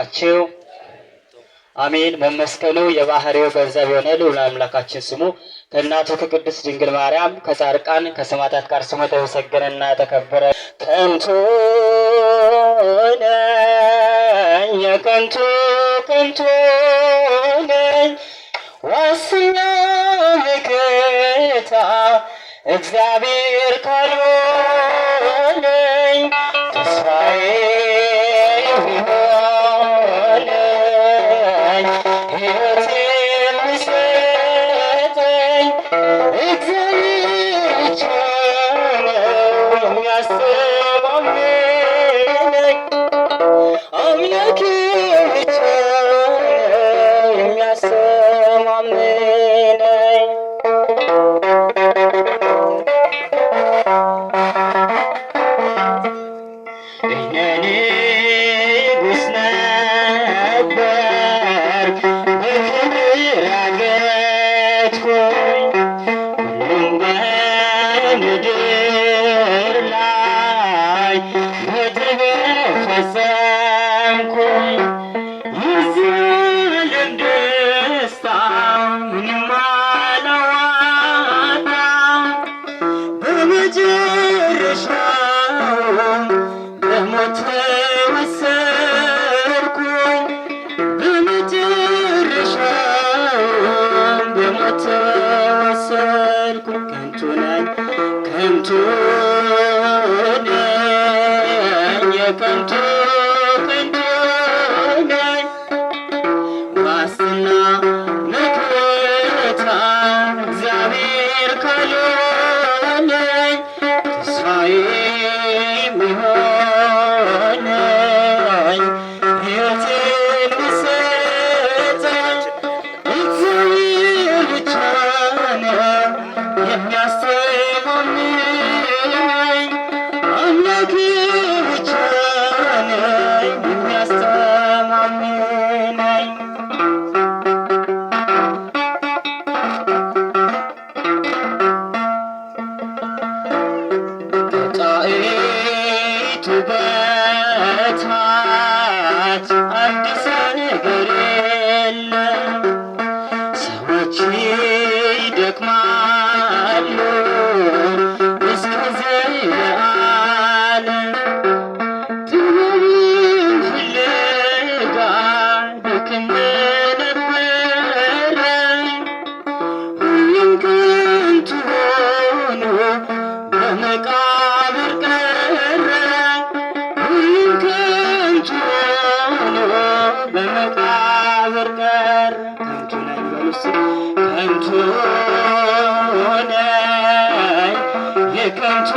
አደረሳችሁ። አሜን። መመስገኑ የባህሪው ገንዘብ የሆነ ልዑል አምላካችን ስሙ ከእናቱ ከቅድስት ድንግል ማርያም ከጻድቃን ከሰማዕታት ጋር ስሙ የተመሰገነና የተከበረ ከንቱ ነኝ ከንቱ ከንቱ ነኝ ዋስና ምክታ እግዚአብሔር ካልሆነ ከንቱ ነኝ የከንቱ Santo, Santo. አትሆነኝ የቀንቶ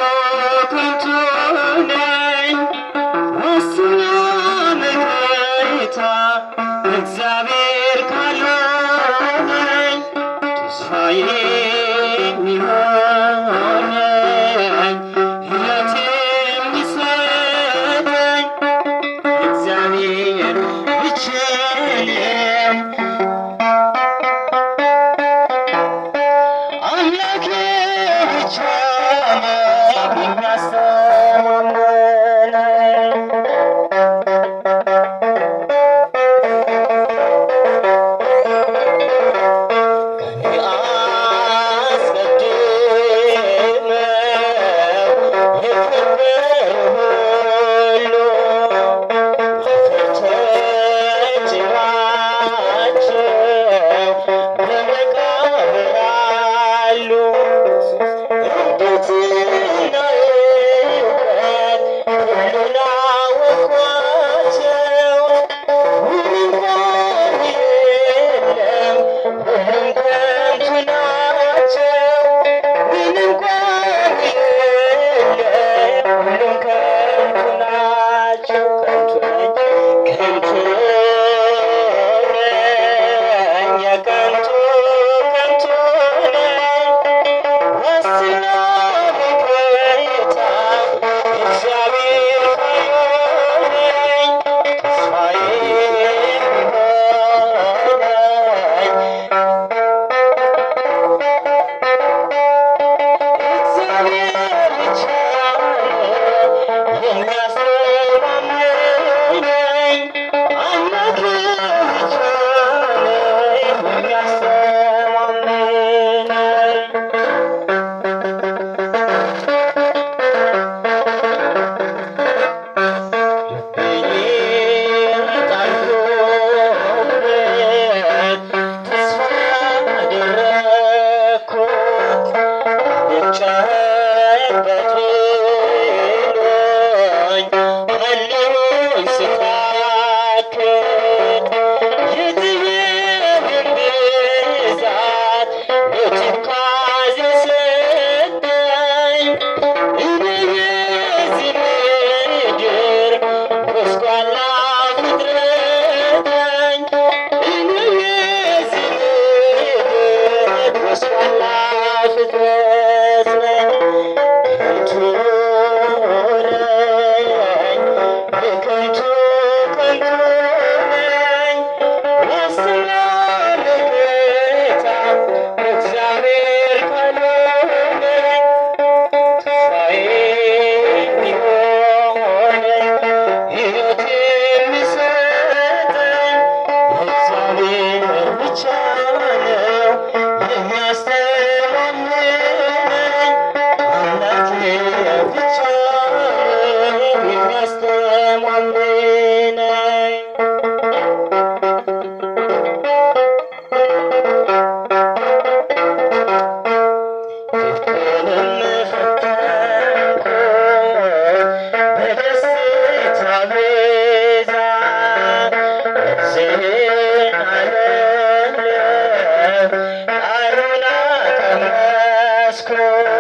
close.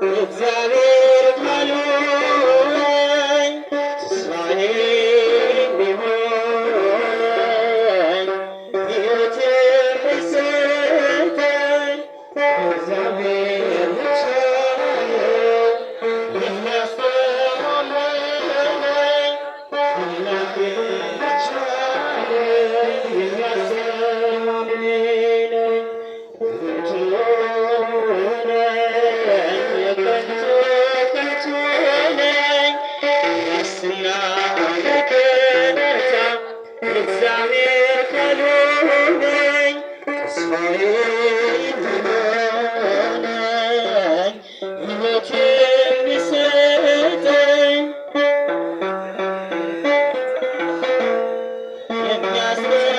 Mitzvah እግዚአብሔር ካልሆነኝ ተስፋዬ የሚሰጠኝ